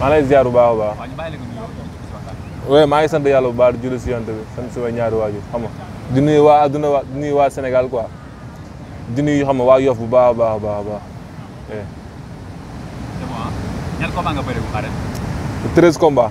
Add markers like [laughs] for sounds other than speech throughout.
maa lay ziar bu baax baax. waaw maa ngi sant yàlla bu baax di julli si yonte bi sant si way ñaari waajur xam nga waa adduna waa di waa Sénégal bu baax a baax a baax baax. c'est combat.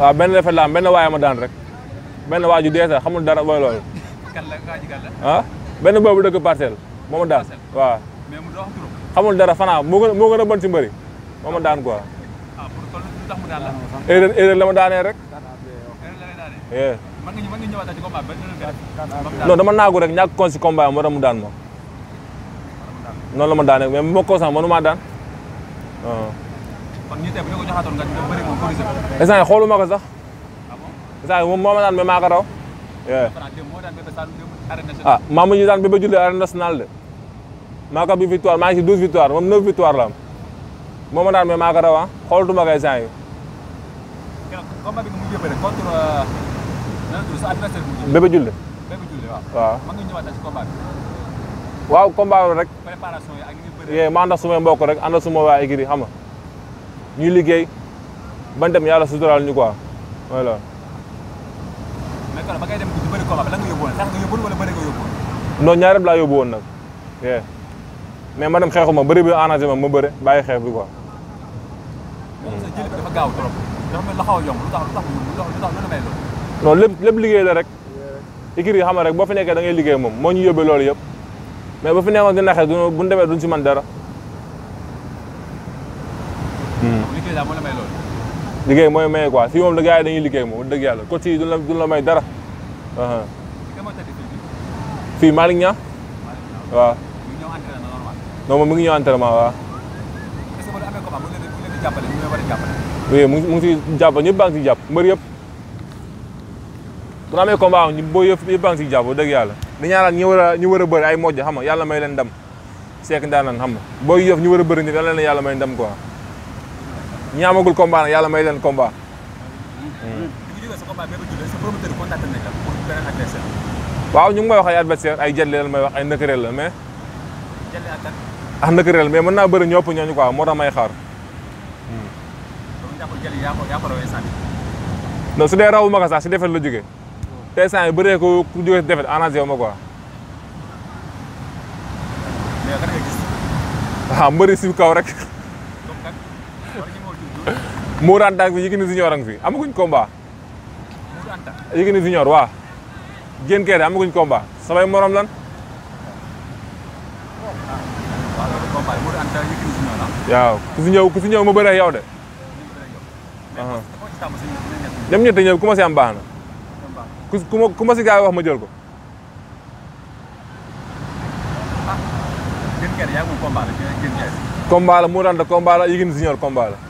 waaw benn defet la am benn waaye ma daan rek benn waa ju dee xamul dara booy loolu. kan la waa ji ah? dëkk parcelle moo daan. waaw xamul dara fanaa moo gën moo gën a bon ci mbëri moo ma daan quoi. ah pour mu daan la. la ma daanee moo daan ma. noonu ma daanee ko sax mënu daan ah. ñi tey bu ñu ko joxaatoon nga moom ah moom moo ma naan mais maa ko raw. mu ñu daan Bébé Diouldé arène ah, de. maa ko victoire maa ngi si 12 victoire moom 9 victoire la am. moo ma daan mais maa ko raw ah xoolatuma ko instant yii. combat euh, waaw. waaw rek. préparation yi ak ni muy rek ànd ak suma waa écurie ñuy liggéey ban dem yàlla suturaal ñu quoi voilà. mais kon ba ngay dem ci bëri combat bi lan nga yóbbu woon sax nga yóbbu wala nag. mais ma dem xeexu ma bëri bi arrangé ma ma bëri bàyyi xeex bi quoi. sa jël bi dafa gaaw trop. dafa a yomb lu tax lu liggéey la rek. ikir yi rek boo fi nekkee da liggéey moom moo ñu yóbbee loolu yëpp mais ba fi nekkoon di na du bu ñu demee duñ si man dara yaa moo la may loolu. liggéey mooy maye quoi fii moom da gars yi dañuy liggéey moo dëgg yàlla coach yi duñ la may dara. Uh-huh. fii Malick ngi ñëw entraînement waaw. est-ce que bu amee combat bu leen di jàppale ñu war a jàppale. oui mu ngi mu ngi siy jàppale ñëpp baa ngi siy jàpp mbër yëpp. bu amee combat am boo yëpp yëpp baa ngi siy jàpp dëgg yàlla. ñu war a a bëri ay mojj xam nga yàlla may leen ndam. Seck Ndaanaan xam nga booy yëf ñu war a bëri nit yàlla yàlla may ndam quoi. ñi amagul combat nag yàlla may leen combat. waaw ñu ngi may wax ay adversaire ay jëlle la may wax ay nëkkëreel la mais. ah nëkkëreel mais mën naa bëri ñëpp ñooñu quoi moo tax may xaar. non su dee ma ko sax si defet la jógee. te saa yi bëree ko ku jógee si defet ma quoi. ah mbëri si kaw rek. Mour Anta ak fi Yékini Junior ak fi amaguñ combat. Mour Anta Yékini Junior waaw. Diène Kairé amaguñ combat samay morom lan. waaw ku si ñëw ku ñëw ma bëree yow de. Uh-huh. ñoom ñett ñëw ku si am baax na. ku ma si gars wax ma jël ko. Ah, combat la Mour Anta combat la Yékini Junior combat la.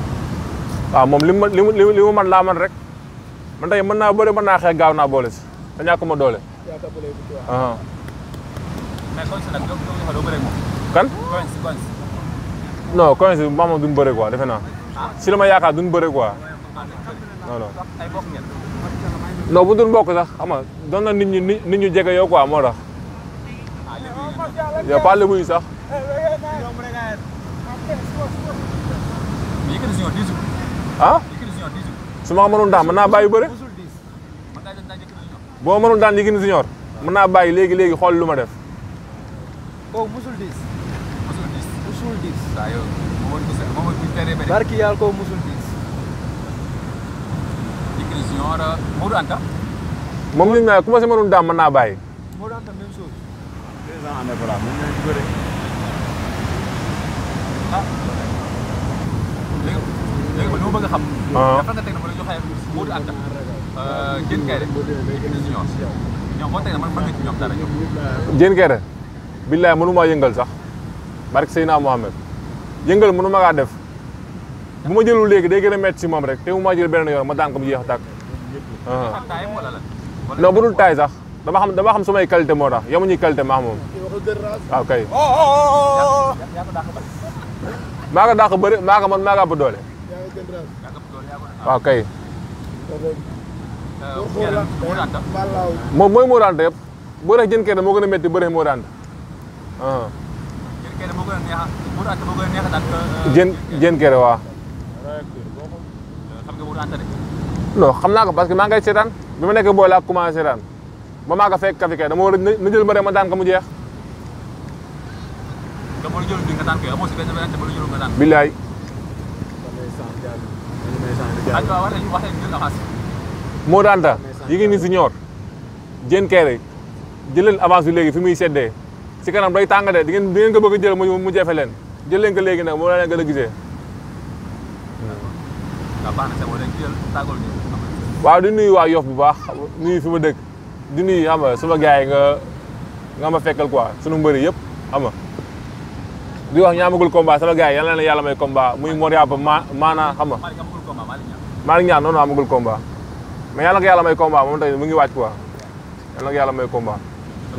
a moom li mu li mu li man laa man rek man tey mën naa bëre mën naa xeex gaaw naa boole si te ñàkk ma doole. Uh-huh. mais Quench kan Quench Quench. non Quench maa moom duñ bëre quoi defe naa si la ma yaakaar duñ bëre quoi non non. non bu duñ bokk sax xam nga doon na nit ñu jege yow quoi moo tax. yow pas lébu yi sax. ah su ma mënoon daan mën naa bàyyi bëre boo mënoon daan Yékini Junior mën naa bàyyi léegi léegi xool lu ma def. kooku oh, musul diis. musul diis musul diis. waaw yow moom mooy musul barki yàlla musul diis. Yékini Junior euh, Modou Anta. moom ñu ma si mënoon naa bàyyi. ko bëgg a xam. dafa ah. nga teg na ma la ñu xayma Modou euh, sax barke Seydina Mohamed yëngal mënuma kaa def bu ma jëlul léegi day gën a métti si moom rek te mu ma jël beneen yoon ma daan ko mu jeex tàkk. Ah. Ah, non bu dul taay sax dama xam dama xam sumay qualité moo tax yamuñuy qualité maax moom waaw kay oh, oh, oh, maa ko dàq bëri maa ko man maa ko ëpp doole waaw ah, kay. moom mooy moo daan yëpp boo def jën moo gën a métti bëree moo daan. jën kenn moo gën a ah. xam naa ko parce que maa ngay seetaan bi ma nekk booy laa commencé seetaan ba maa ko fekk kafi kay dama war ma rek ma daan ko mu bi nga moo daan tax Yékini si Diène Kairé jël jëleen avance bi léegi fi muy seddee si kanam day tàng de di ngeen di bëgg jël mu jafe leen jël leen ko léegi nag moo leen gën a gisee. waaw di nuyu waa Yoff bu baax nuyu fi ma dëkk di nuyu xam nga sama gars yi nga nga ma fekkal quoi sunu mbëri yëpp xam nga di wax ñaamagul combat sama gars yi yal na yàlla may combat muy Mor Yaba maanaa xam Malick Niang noonu amagul combat mais yàlla na ko yàlla may combat ma tamit mu ngi wàcc quoi yàlla na ko yàlla may combat.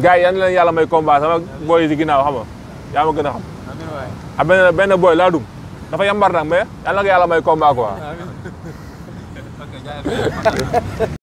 gars yi yal na leen yàlla may combat sama booy yi si ginnaaw xam yaa ma gën a xam. ah benn benn booy laa dum dafa yambar nag mais yal na ko yàlla may combat quoi. [laughs]